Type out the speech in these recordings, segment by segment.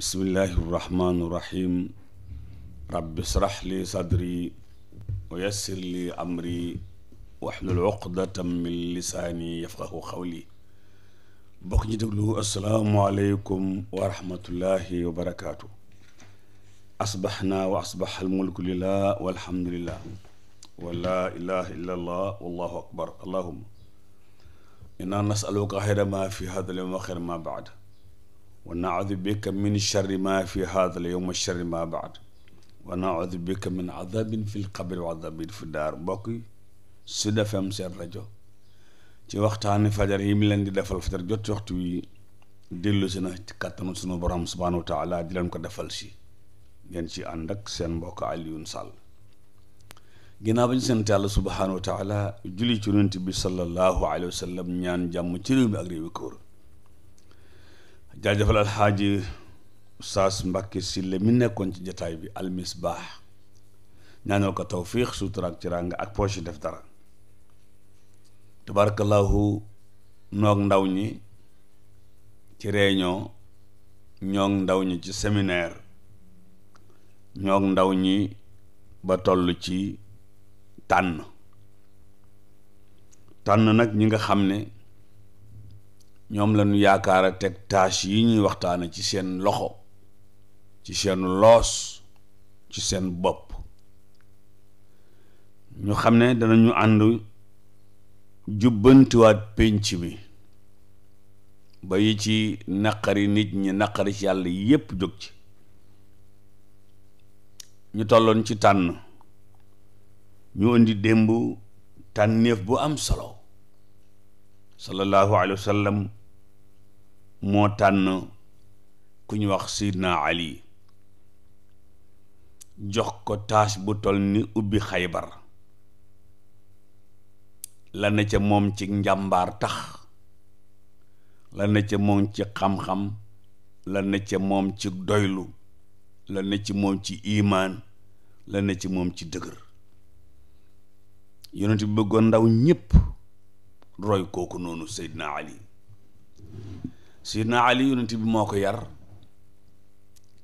bismillahi irrahmani irrahim rabbi srah li sadri wa yassir li amri waxlul uqdatan min lisaani yafqahu xawli bokk ñi déglu asalaamualeykum wa rahmatullahi wa barakaatu asbaxna wa asbax almulku lillah walhamdulillah wa laa ilaha illa allah wallahu akbar allahuma inna nasaluka xayra ma fi hada lyowm wa xayra ma baad wa naudu bika min sharri ma fi haadal yowma sharri ma baad wa naudu bika min adabin fi lqabri wa adabin fi daar mbokk yi Sud FM seen rajo ci waxtaani fajar yi mu leen di defal fajar jot waxtu wi dellu si na ci kàttanu sunu borom subhaanahu wa taala di leen ko defal si ngeen ci ànd ak seen mbokk Alioune Sall ginnaaw ba ñu sant yàlla subhaanahu wa taala julli ci yonent bi sallallahu alayhi wa sallam ñaan jàmm ci réew mi ak réewi ko wër jaajëfal alxaaji Oustaz Mbacke Sylla mi nekkoon ci jataay bi almisbaax ñaanal ko tawfiix suuturaak ci ràng ak poche def dara tabarakallahu noog ndaw ñi ci réunion ñoog ndaw ñi ci séminaire ñoog ndaw ñi ba toll ci tànn tànn nag ñi nga xam ne ñoom lañu yaakaar a teg tâche yi ñuy waxtaana ci seen loxo ci seen loos ci seen bopp ñu xam ne danañu ànd jubbantiwaat pénc bi ba yi ci naqari nit ñi naqari ci yàlla yépp jóg ci ñu tolloon ci tànn ñu indi démb tànneef bu am solo sallallahu alayhi wa moo tànn ku ñu wax Seydina Ali jox ko taas bu tol ni ubbi xaybar la na ca moom ci njàmbaar tax la na ca moom ci xam-xam la na ca moom ci doylu la na ci moom ci imaan la na ci moom ci dëgër yonent bi bëggoon ndaw ñépp roy kooku noonu Seydina Ali sidna ali yonent bi moo ko yar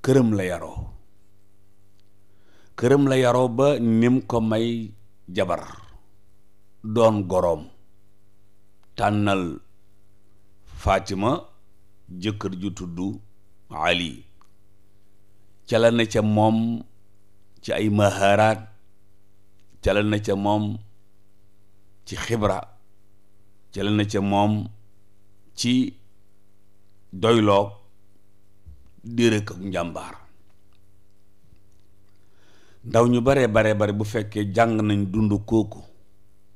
këram la yaroo këram la yaroo ba nim ko may jabar doon goroom tànnal Fatima jëkkër ju tudd Ali ca la na ca moom ci ay maharaat ca na ca moom ci xibra ca ca moom ci doyloog dérëk ak njàmbaar ndaw ñu baree bare bare bu fekkee jàng nañ dund kooku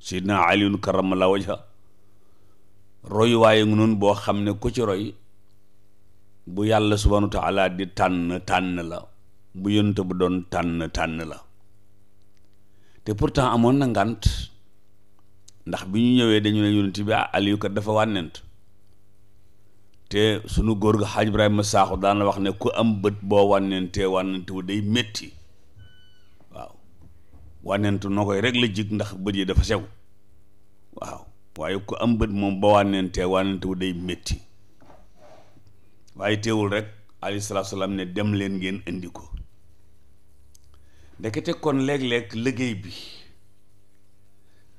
sidna aliyun karamala wajha royu waaye ngi noonu boo xam ne ku ci roy bu yàlla subhanahu wa di tànn tànn la bu yonent bu doon tànn tànn la te pourtant amoon na ngànt ndax bi ñu ñëwee dañu ne yonent bi ah aliyu kat dafa wànnent te sunu góor ga xaaj Ibrahima ma daan la wax ne ku am bët boo wànnentee wànnentewu day metti waaw wànnentu noo koy rek la jig ndax bët yi dafa sew waaw waaye ku am bët moom ba wànnentee wànnentewu day métti waaye teewul rek alayhi salaatu ne dem leen ngeen indi ko ndekete kon léeg-léeg liggéey bi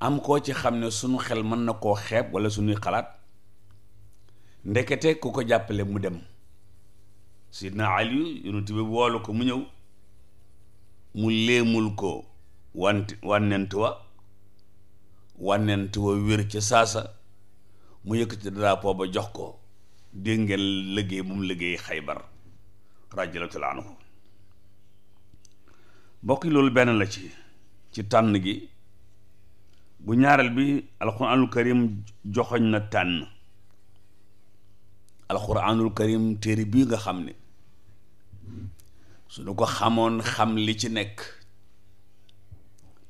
am koo ci xam ne suñu xel mën na koo xeeb wala suñuy xalaat ndekete ku ko jàppale mu dem sidna ali yonent bi woolu ko mu ñëw mu léemul ko wanti wànnent wa wànnent wa wér ca saasa mu yëkkati drapeau ba jox ko dégg liggéey bu mu liggéey xaybar radiyallahu taala anhu mbokk loolu benn la ci ci tànn gi bu ñaareel bi alxuraanul karim joxoñ na tànn alquranul karim téere bii nga xam ne suñu ko xamoon xam li ci nekk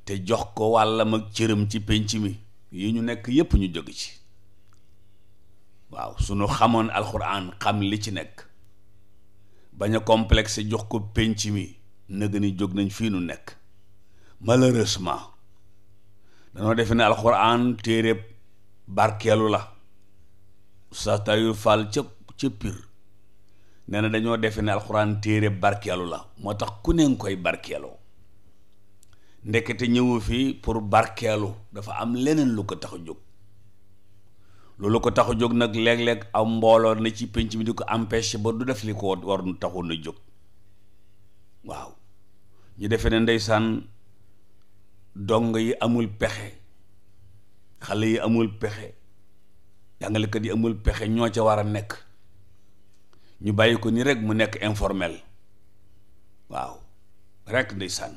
te jox ko wàllam ak cëram ci pénc mi yi ñu nekk yépp ñu jóg ci waaw suñu xamoon alquran xam li ci nekk bañ a complexe jox ko pénc mi nëgë ni jóg nañ fii nu nekk malheureusement danoo defe ne alquran téere barkeelu la Oustaz Tahirou Fall ca ca Pire nee na dañoo defe ne alxuraan téere barkeelu la moo tax ku ne koy barkeeloo ndekete ñëwu fii pour barkeelu dafa am leneen lu ko tax a jóg loolu ko tax jóg nag léeg-léeg am mbooloo na ci penc mi di ko empêché ba du def li ko war taxoon a jóg waaw ñu defe ne ndeysaan dongo yi amul pexe xale yi amul pexe jàngalekat yi amul pexe ñoo ca war a nekk ñu bàyyi ko nii rek mu nekk informel waaw rek ndeysaan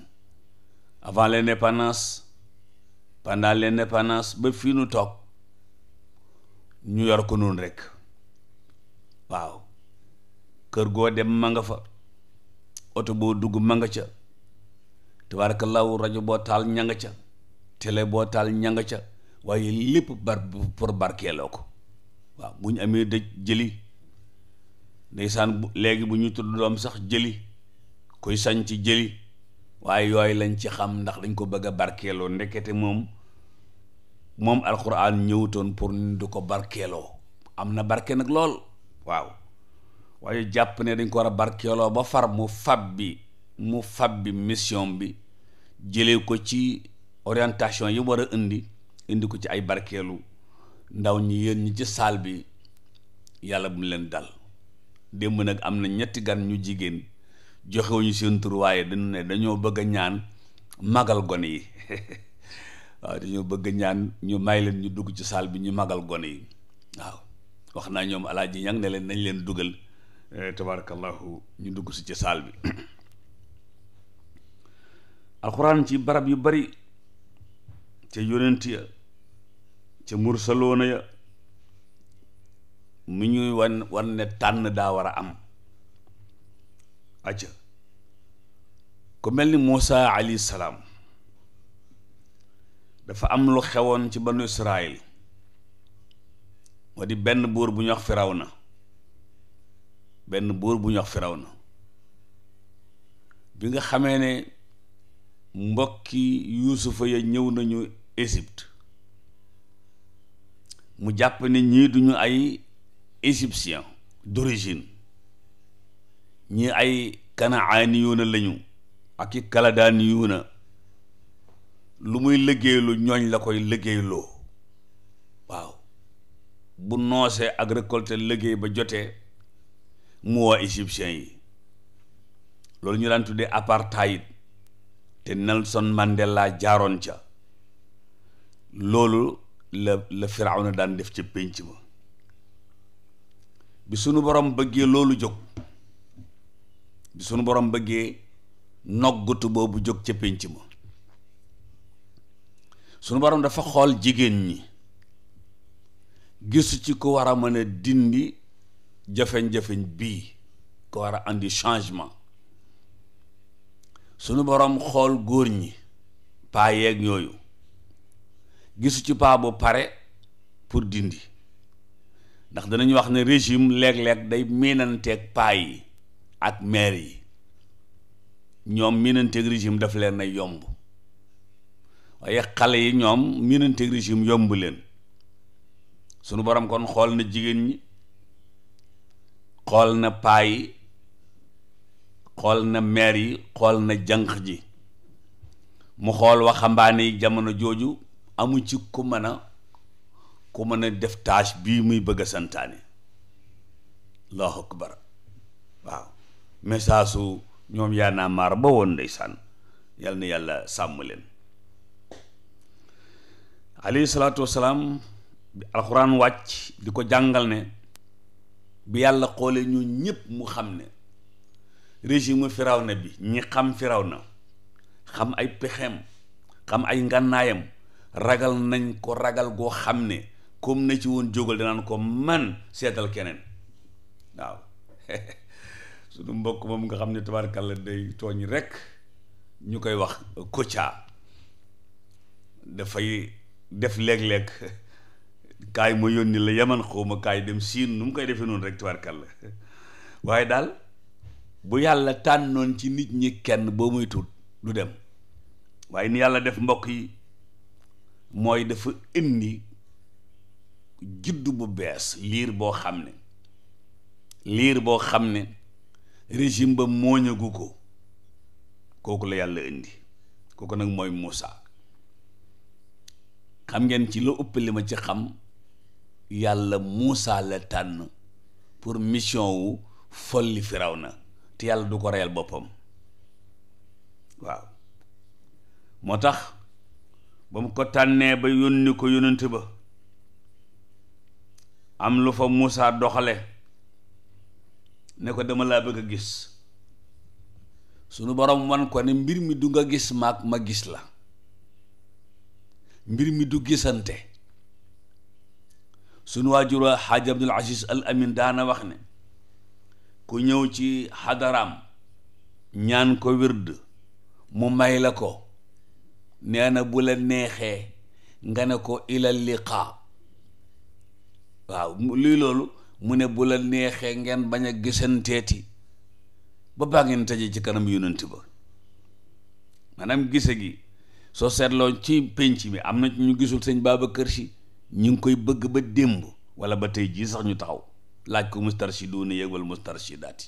avant l'indépendance pendant l'indépendance ba fii nu toog ñu yor ko noonu rek waaw kër goo dem ma nga fa oto boo dugg ma nga ca te tabaarakallaahu rajo boo taal ña nga ca tele boo taal ña nga ca waaye lépp bar pour barkeeloo ko waaw bu ñu amee dëj jëli day ndeysaan léegi bu ñu tudd doom sax jëli kuy sañ ci jëli waaye yooyu lañ ci xam ndax dañ ko bëgg a barkeeloo ndekete moom moom alxuraan ñëwutoon pour du ko barkeeloo am na barke nag lool waaw waaye jàpp ne dañ ko war a barkeeloo ba far mu fab bi mu fab bi mission bi jëlee ko ci orientation yi war a indi indi ko ci ay barkeelu ndaw ñi yéen ñi ci saal bi yàlla bu mu leen dal démb nag am na ñetti gan ñu jigéen joxewuñu seen tur waaye dañoo bëgg ñaan magal gone yi waaw dañoo bëgg ñaan ñu may leen ñu dugg ci saal bi ñu magal gone yi waaw wax naa ñoom alaaji ñang ne leen dañ leen dugal eh, tabarakallahu ñu dugg si ci saal bi alxuraan ci barab yu bari te yonent ya ca mursaloona ya mu ñuy wan wan ne tànn daa war a am acca ku mel ni Muusa alayhi salaam dafa am lu xewoon ci banu Israel moo di benn buur bu ñu wax Firawna benn buur bu ñu firaw na bi nga xamee ne mbokki yuusufa ya ñëw nañu Égypte mu jàpp ni ñii duñu ay égyptien d'origine ñii ay kanaaniyuuna lañu ak i kaladaaniyuuna lu muy liggéeylu ñooñ la koy liggéeyloo waaw bu noosee ak récolter liggéey ba jotee mu waa égyptien yi loolu ñu daan tuddee apartheid te Nelson Mandela jaaroon ca loolu la la Firawna daan def ca pénc ma bi sunu borom bëggee loolu jóg bi sunu borom bëggee noggutu boobu jóg ca pénc ma sunu borom dafa xool jigéen ñi gisu ci ku war a mën dindi jafeñ jafeñ bii ku war a indi changement sunu boroom xool góor ñi paayeeg yooyu gisu ci paa bu pare pour dindi ndax danañu wax ne régime léeg-léeg day miinanteeg paa yi ak maire yi ñoom miinanteeg régime dafa leen ay yomb waaye xale yi ñoom miinanteeg régime yomb leen sunu borom kon xool na jigéen ñi xool na paa yi xool na maire yi xool na jànq ji mu xool waxambaane yi jamono jooju amu ci ku mën a ku mën a def tâche bi muy bëgg a santaane allahu akbar waaw message su ñoom yaa naa maar ba woon ndeysaan yal na yàlla sàmm leen alayhi salaatu wasalaam alxuraan wàcc di ko jàngal ne bi yàlla xoolee ñu ñëpp mu xam ne régime firaw na bi ñi xam firaw na xam ay pexeem xam ay ngànnaayam ragal nañ ko ragal goo xam ne comme na ci woon jógal danaan ko man seetal keneen waaw suñu mbokk moom nga xam ne tabaarkalla day tooñ rek ñu koy wax Kocca dafay def léeg lekk kaay ma yónni la yeman xawma kaay dem siin nu mu koy defee noonu rek tabaarkalla waaye daal bu yàlla tànnoon ci nit ñi kenn boo muy tuut du dem waaye ni yàlla def mbokk yi mooy dafa indi juddu bu bees liir boo xam ne liir boo xam ne régime ba mooñagu ko kooku la yàlla indi kooku nag mooy Moussa xam ngeen ci la ëpp li ci xam yàlla Moussa la tànn pour mission wu folli na te yàlla du ko reyal boppam waaw moo tax ba mu ko tànnee ba yónni ko yónent ba am lu fa Muusaa doxale ne ko dama laa bëgg a gis sunu boroom wan ko ne mbir mi du nga gis maag ma gis la mbir mi du gisante sunu waajur waa xaaja Abdul Aziz Al Amin daana wax ne ku ñëw ci xadaraam ñaan ko wird mu may la ko nee na bu la neexee nga ne ko ilal liqaa waaw luy loolu mu ne bu la neexee ngeen bañ a gisanteeti ba baa ngeen tëje ci kanam yonent ba maanaam gise gi soo seetloo ci pénc bi am na ñu gisul sëñ kër Si ñu ngi koy bëgg ba démb wala ba tey jii sax ñu taxaw laaj ko mustarshiduna yëg wala mustarshidaati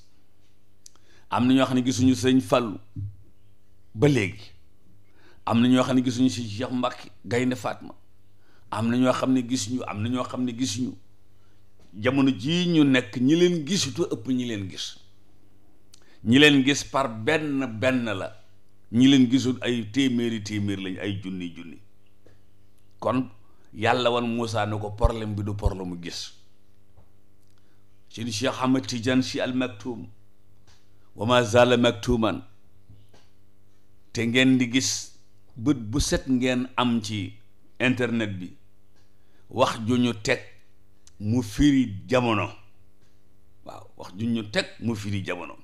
am na ñoo xam ne gisuñu sëñ falu ba léegi am na ñoo xam ne gisuñu si Cheikh Mbacke Gaynde Fatma am na ñoo xam ne gisuñu am ñoo xam ne gisuñu jamono jii ñu nekk ñi leen gisutu ëpp ñi leen gis ñi leen gis par benn benn la ñi leen gisul ay téeméeri téeméer lañ ay junni junni kon yàlla wan Moussa ne ko problème bi du problème mu gis suñu Cheikh Ahmad Tidiane si al maktum wa ma zala maktuman te ngeen di gis bët bu set ngeen am ci internet bi wax ju ñu teg mu firi jamono waaw wax ju ñu teg mu firi jamono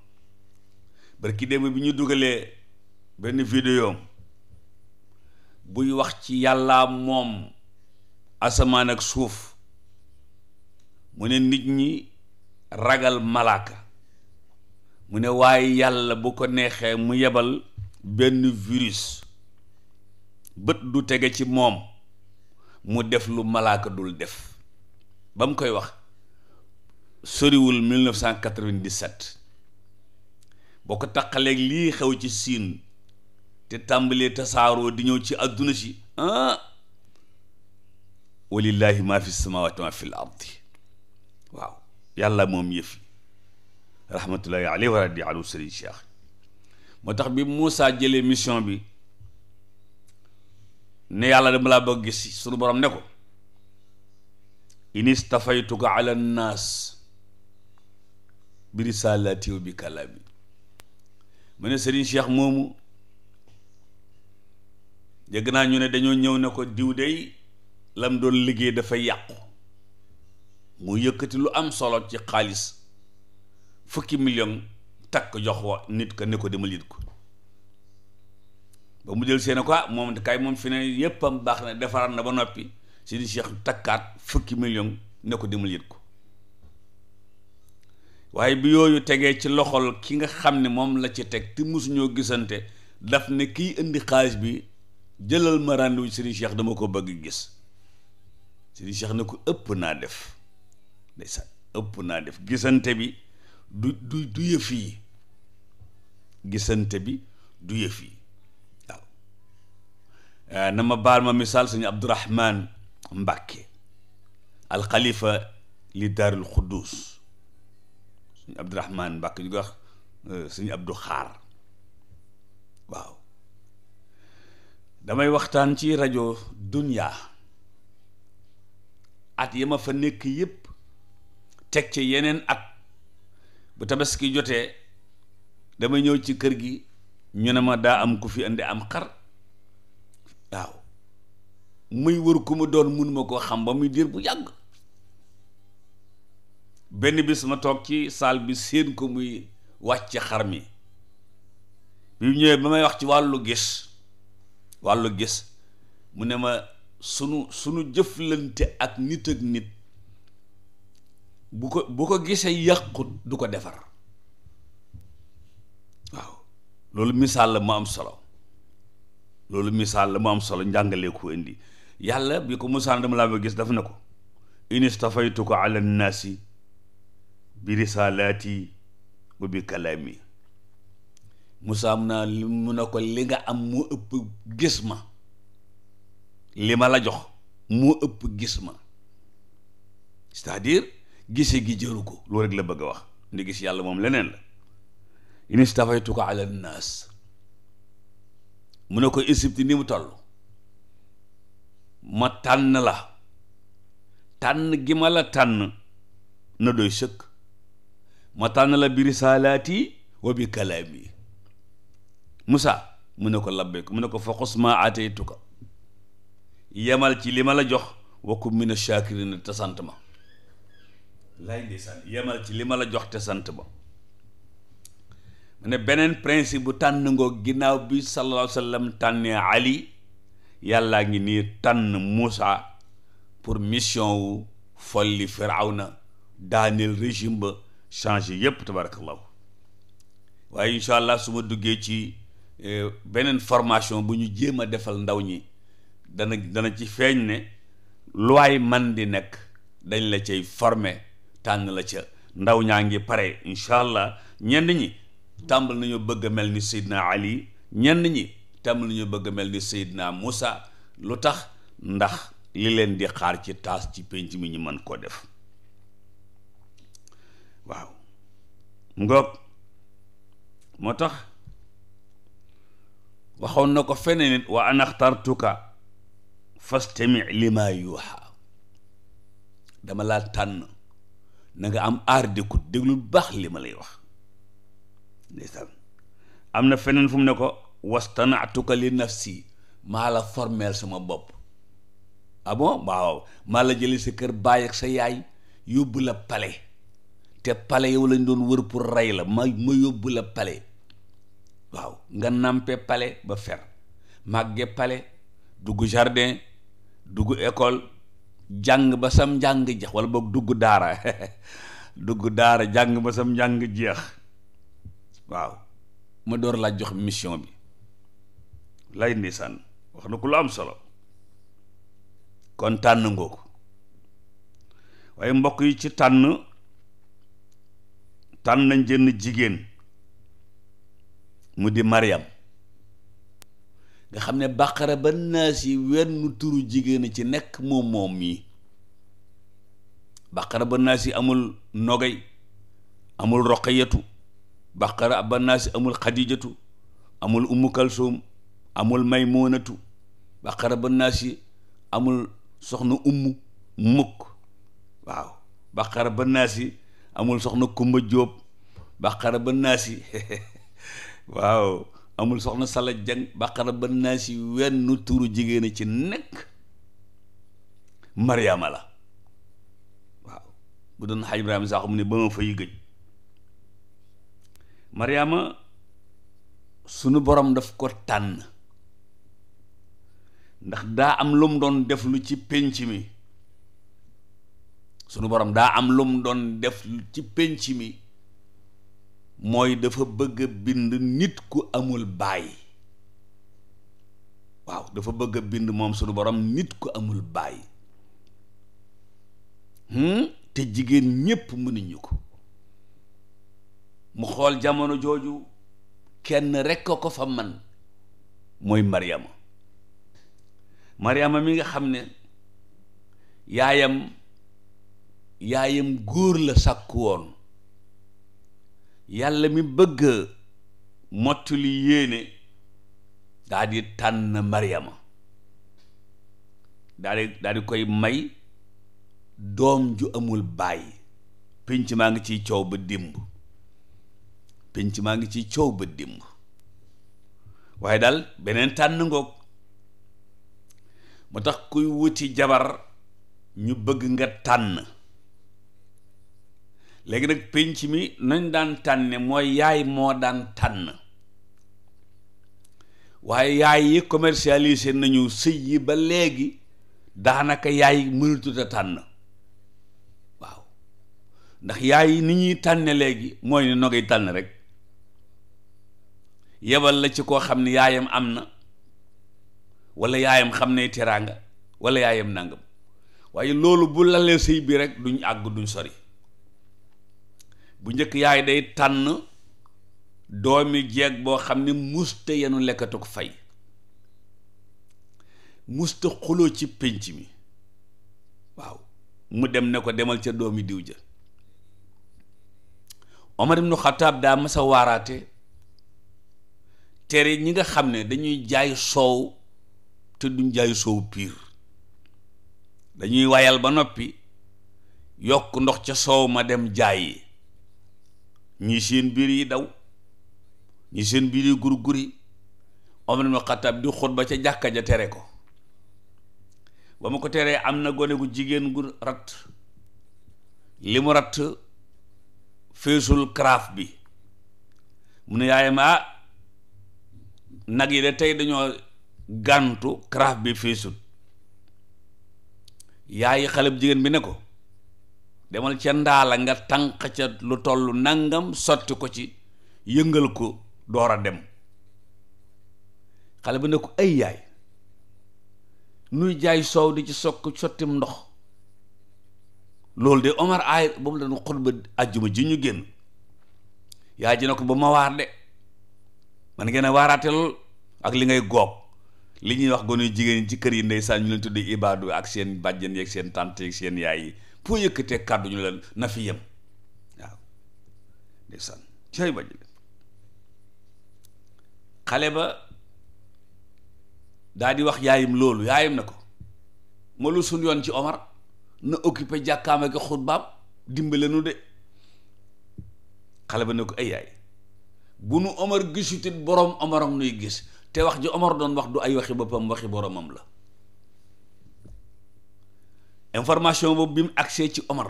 barki démb bi ñu dugalee benn vidéo buy wax ci yàlla moom asamaan ak suuf mu ne nit ñi ragal malaaka mu ne waaye yàlla bu ko neexee mu yebal benn virus bët du tege ci moom mu def lu malaaka dul def ba mu koy wax soriwul 1997 boo ko taqaleeg lii xew ci siin te tàmbalee tasaaroo di ñëw ci àdduna si ah walillahi ma fi samawati ma fi l ardi waaw yàlla moom yëfi rahmatullahi alayhi wa radi anhu sëriñ cheikh moo tax bi Moussa jëlee mission bi ne yàlla dama laa bëgg gis sunu borom ne ko inistafaytuka ala nnaas bi risalati wa bi kalaami mu ne Serigne Cheikh moomu dégg naa ñu ne dañoo ñëw ne ko diw dey lam doon liggéey dafa yàqu mu yëkkati lu am solo ci xaalis fukki million takk jox wa nit ka ne ko demal yit ko ba mu jël seen ko ah moom kay moom fi ne yépp am baax na defaraat na ba noppi sëñ Cheikh takkaat fukki million ne ko demal yët ko waaye bi yooyu tegee ci loxol ki nga xam ne moom la ci teg te mosuñoo gisante daf ne kiy indi xaalis bi jëlal ma rendez-vous sëñ dama ko bëgg gis sëñ Cheikh ne ko ëpp naa def ndeysaan ëpp naa def gisante bi du du du yëf yi gisante bi du yëf yi Euh, na ma baal ma misaal suñu Abdourahman Mbàkke alxalifa li daarul xuddus suñu Abdourahman Mbàkke ñu ko wax euh, suñu abdu Xaar waaw damay waxtaan ci rajo Dunya at ya ma fa nekk yépp teg ci yeneen at bu tabaski jotee damay ñëw ci kër gi ñu ne ma daa am ku fi indi am xar waaw muy wër ku mu doon mënuma koo xam ba muy diir bu yàgg benn bis ma toog ci saal bi séen ko muy wàcc xar mi bi mu ñëwee ba may wax ci wàllu gis wàllu gis mu ne ma sunu sunu jëflante ak nit ak nit bu ko bu ko gisee yàqut du ko defar waaw loolu misaal la mu am solo loolu misaal la mu am solo njàngalee ko indi yàlla bi ko musaan dama laa ba gis daf na ko inistafaytuka ala nnaasi bi risalaati wa bi kalaami Musaa mu naa li mu ne ko li nga am moo ëpp gis ma li ma la jox mu ëpp gis ma c'est-à-dire gise gi jëru ko loolu rek la bëgg a wax ndi gis yàlla moom leneen la inistafaytuka ala nnaas mu ne ko Égypte ni mu toll ma tànn la tànn gi ma la tànn na doy sëkk ma tànn la bi risaalaati wa bi kalaami Musa mu ne ko labbeek mu ne ko faqus maa aataytuka yemal ci li ma la jox wa kun mina shaakiriin te sant ma yemal ci li ma la jox te sant ma ne beneen principe bu tànn ngoo ginnaaw bi sallallahu alayhi wa tànnee ali yàllaa ngi nii tànn Moussa pour mission wu folli firawna daaneel régime ba changé yépp tabarakallahu waaye incha allah su ma duggee ci eh, beneen formation bu ñu jéem a defal ndaw ñi dana dana ci feeñ ne luwaay man di nekk dañ la cay former tànn la ca ndaw ñaa ngi pare incha allah ñenn ñi tàmbal nañu bëgg mel ni Seydina Ali ñenn ñi tàmbal nañu bëgg a mel ni seyd naa musa lu tax ndax li leen di xaar ci taas ci penc mi ñu mën koo def waaw ngoog moo tax waxoon na ko fene nit wa an axtartuka fastami lima yuuxa dama laa tànn na am aar d'écoute déglu baax li ma lay wax ndeysaan am na feneen fu ne ko wastanaatuka li nafsi maa la formeel sama bopp ah waaw maa la jëlee sa kër baay ak sa yaay yóbbu la palais te palais yow lañ doon wër pour rey la ma ma yóbbu la palais waaw nga nàmpe pale ba fer màgge pale duggu jardin duggu école jàng ba sam njàng jeex wala boog dugg daara dugg daara jàng ba sam njàng jeex waaw ma door laa jox mission bi lay ndeysaan wax na ku la am solo kon tànn ngoo ko waaye mbokk yi ci tànn tànn nañ jënn jigéen mu di mariyam nga xam ne bàqara ba naas yi wenn turu jigéen ci nekk moom moom yi bàqara ba naas yi amul nogay amul roqayatu baqara ba amul xadijatu amul ummu kalsum amul maymunatu baqara ba naasi amul soxna ummu mukk waaw baqara ba amul soxna kumba jóob baqara ba waaw amul soxna sala jang baqara ba wenn tuuru jigéen ci nekk mariama la waaw bu doon xaj ibrahima sax mu ne ba ma fay gëj Mariama sunu borom daf ko tànn ndax daa am lum doon def lu ci pénc mi sunu borom daa am lum doon def lu ci pénc mi mooy dafa bëgg a bind nit ku amul baay waaw dafa bëgg a bind moom sunu borom nit ku amul baay hmm? te jigéen ñépp mënuñu ko mu xool jamono jooju kenn rekk ko fa man mooy Maryama Maryama mi nga xam ne yaayam yaayam góor la sàkku woon yàlla mi bëgg mottuli yéene daa di tànn Maryama daa di koy may doom ju amul baay pinc maa ngi ciy coow ba dimb penc maa ngi ci coow ba dimb waaye daal beneen tànn ngoog moo tax kuy wuti jabar ñu bëgg nga tànn léegi nag penc mi nañ daan tànne mooy yaay moo daan tànn waaye yaay yi commercialisé nañu sëy yi ba léegi daanaka yaay mënatut tànn waaw ndax yaay yi ni ñuy tànne léegi mooy ne nogay tànn rek yebal la ci koo xam ne yaayam am na wala yaayam xam ne teraanga wala yaayam nangam waaye loolu bu lalee sëy bi rek duñ àgg duñ sori bu njëkk yaay day tànn doomi jeeg boo xam ne musta yenu lekkatuk fay musta xuloo ci pénc mi waaw mu dem ne ko demal ca doomi diw ja Omar ibnu Xataab daa masa tere ñi nga xam ne dañuy jaay soow te duñ jaay soow piir dañuy wayal ba noppi yokk ndox ca soow ma dem jaayi ñi seen biir yi daw ñi seen biir yi gurguri Omar ibn Khattab di xutba ca jàkka ja tere ko ba mu ko teree am na gone gu jigéen gu ratt li mu ratt feesul karaaf bi mu ne yaayam ah nag yi de tey dañoo gàntu karaaf bi fiisut yaayi xale bu jigéen bi ne ko demal ca ndaala nga tànq ca lu tollu nangam sotti ko ci yëngal ko doora dem xale bi ne ko ay yaay nuy jaay soow di ci sokk sottim ndox loolu de Omar aay ba mu la nu xutba àjjuma ji ñu génn yaay ji ne ko ba ma waar de man ngeen a waaraate lool ak li ngay goog li ñuy wax gone jigéen ci kër yi ndeysaan ñu leen tudd ibaadu ak seen bàjjen yeeg seen tànt yeeg seen yaay yi pour yëkkatee kàddu ñu leen na fi yem waaw ndeysaan cay bàjjen xale ba daa di wax yaayam loolu yaayam na ko ma lu suñ yoon ci Omar na occupé jàkkaam ak xutbaam dimbale nu de xale ba ne ko ay yaay bu nu Omar gisutit borom Omaram nuy gis te wax ji Omar doon wax du ay waxi boppam waxi boromam la information boobu bi mu agsee ci Omar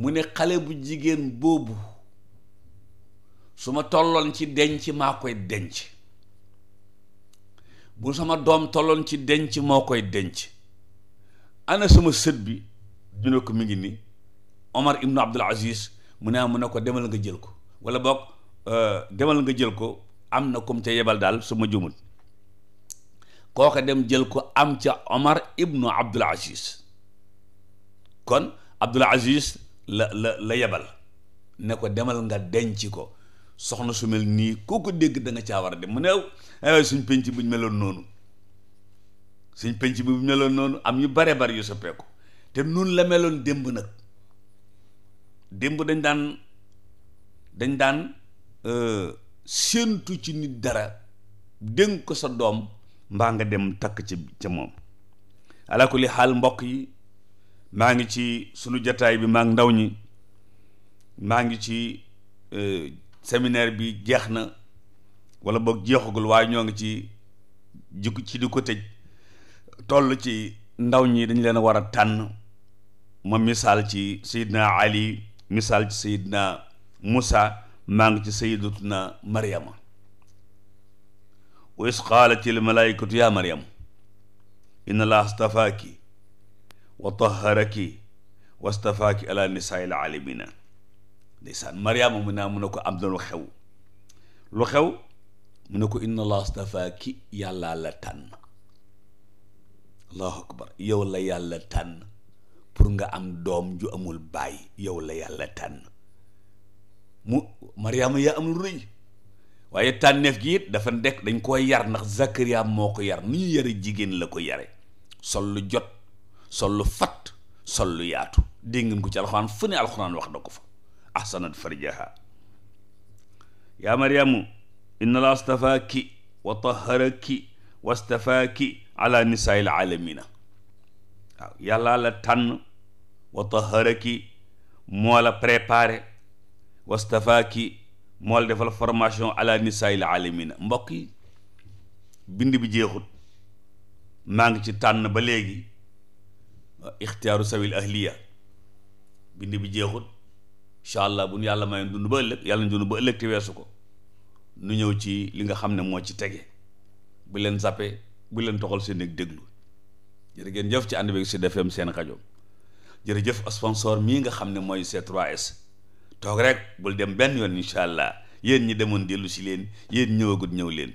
mu ne xale bu jigéen boobu su ma tolloon ci denc maa koy denc bu sama doom tolloon ci denc moo koy denc ana sama sët bi ñu ne ko mi ngi nii Omar ibnu Abdul Aziz mu ne ah, mu ne ko demal nga jël ko wala boog euh, demal nga jël ko am na kum ca yebal daal su ma jumul kooka dem jël ko am ca Omar ibnu Abdul Aziz kon Abdul Aziz la la la yebal ne ko demal nga denc ko soxna su mel nii koo ko dégg da nga a dem mu ne eh, suñ penc bu ñu meloon noonu suñ penc bi bu meloon noonu am yu bare bari yu soppeeku te nun la meloon démb nag démb dañ daan dañ daan euh, séentu ci nit dara dénk ko sa doom mbaa nga dem takk ci ca moom ala kulli xaal mbokk yi maa ngi ci sunu jataay bi maa ndaw ñi maa ngi ci euh, séminaire bi jeex na wala boog jeexagul waaye ñoo ngi ci jikko ci di ko tëj toll ci ndaw ñi dañ leen a war a tànn ma misaal ci Seydina Ali misaal ci Seydina Moussa maa ngi ci sayyidatuna Maryama wa is qaalatil malaaikatu yaa Maryam inna laaha stafaaki wa tahharaki wa stafaaki ala nisaa'il aalamiina ndeysaan Maryama mu naa mun a ko am na lu xew lu xew mu ne ko inna laaha stafaaki yàllaa la tànn allahu akbar yow la yàlla tànn pour nga am doom ju amul baay yow la yàlla tànn mu Mariama yaa am lu rëy waaye tànneef gi it dafa nekk dañ koo yar ndax Zakaria moo ko yar ni ñu yare jigéen la ko yare sol lu jot sol lu fatt sol lu yaatu dégg ko ci alxuraan fu ne alxuraan wax na ko fa ahsanat farjaha yaa Mariamu inna la astafaaki wa taharaki wa astafaaki ala nisaa'il aalamina waaw la tànn wa taharaki moo la préparé wastafaaki moo la defal formation ala nisaa'il aalamiina mbokk yi bind bi jeexut maa ngi ci tànn ba léegi ixtiyaaru sawil ahliya bind bi jeexut incha allah bu nu yàlla may dund ba ëllëg yàlla dund ba ëllëg te weesu ko nu ñëw ci li nga xam ne moo ci tege bu leen zappe bu leen toxal seen ak déglu jërë ngeen jëf ci ànd beeg Sud FM seen rajo jërëjëf sponsor mii nga xam ne mooy C3S toog rek bul dem benn yoon incha allah yéen ñi demoon dellu si leen yéen ñëwagut ñëw leen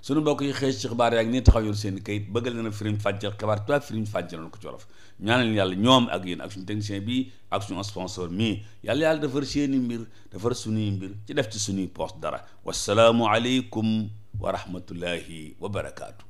sunu mbokk yi xëy ci xibaar yaak nii taxaw yoon seen kayit bëggal na na firim fàjjal xibaar tubaab firim fàjjaloon ko ci wolof ñaanal yàlla ñoom ak yéen ak suñu technicien bi ak suñu sponsor mii yàlla yàlla defar seeni mbir defar suñuy mbir ci def ci suñuy poste dara wasalaamu aleykum wa rahmatullahi wa barakaatu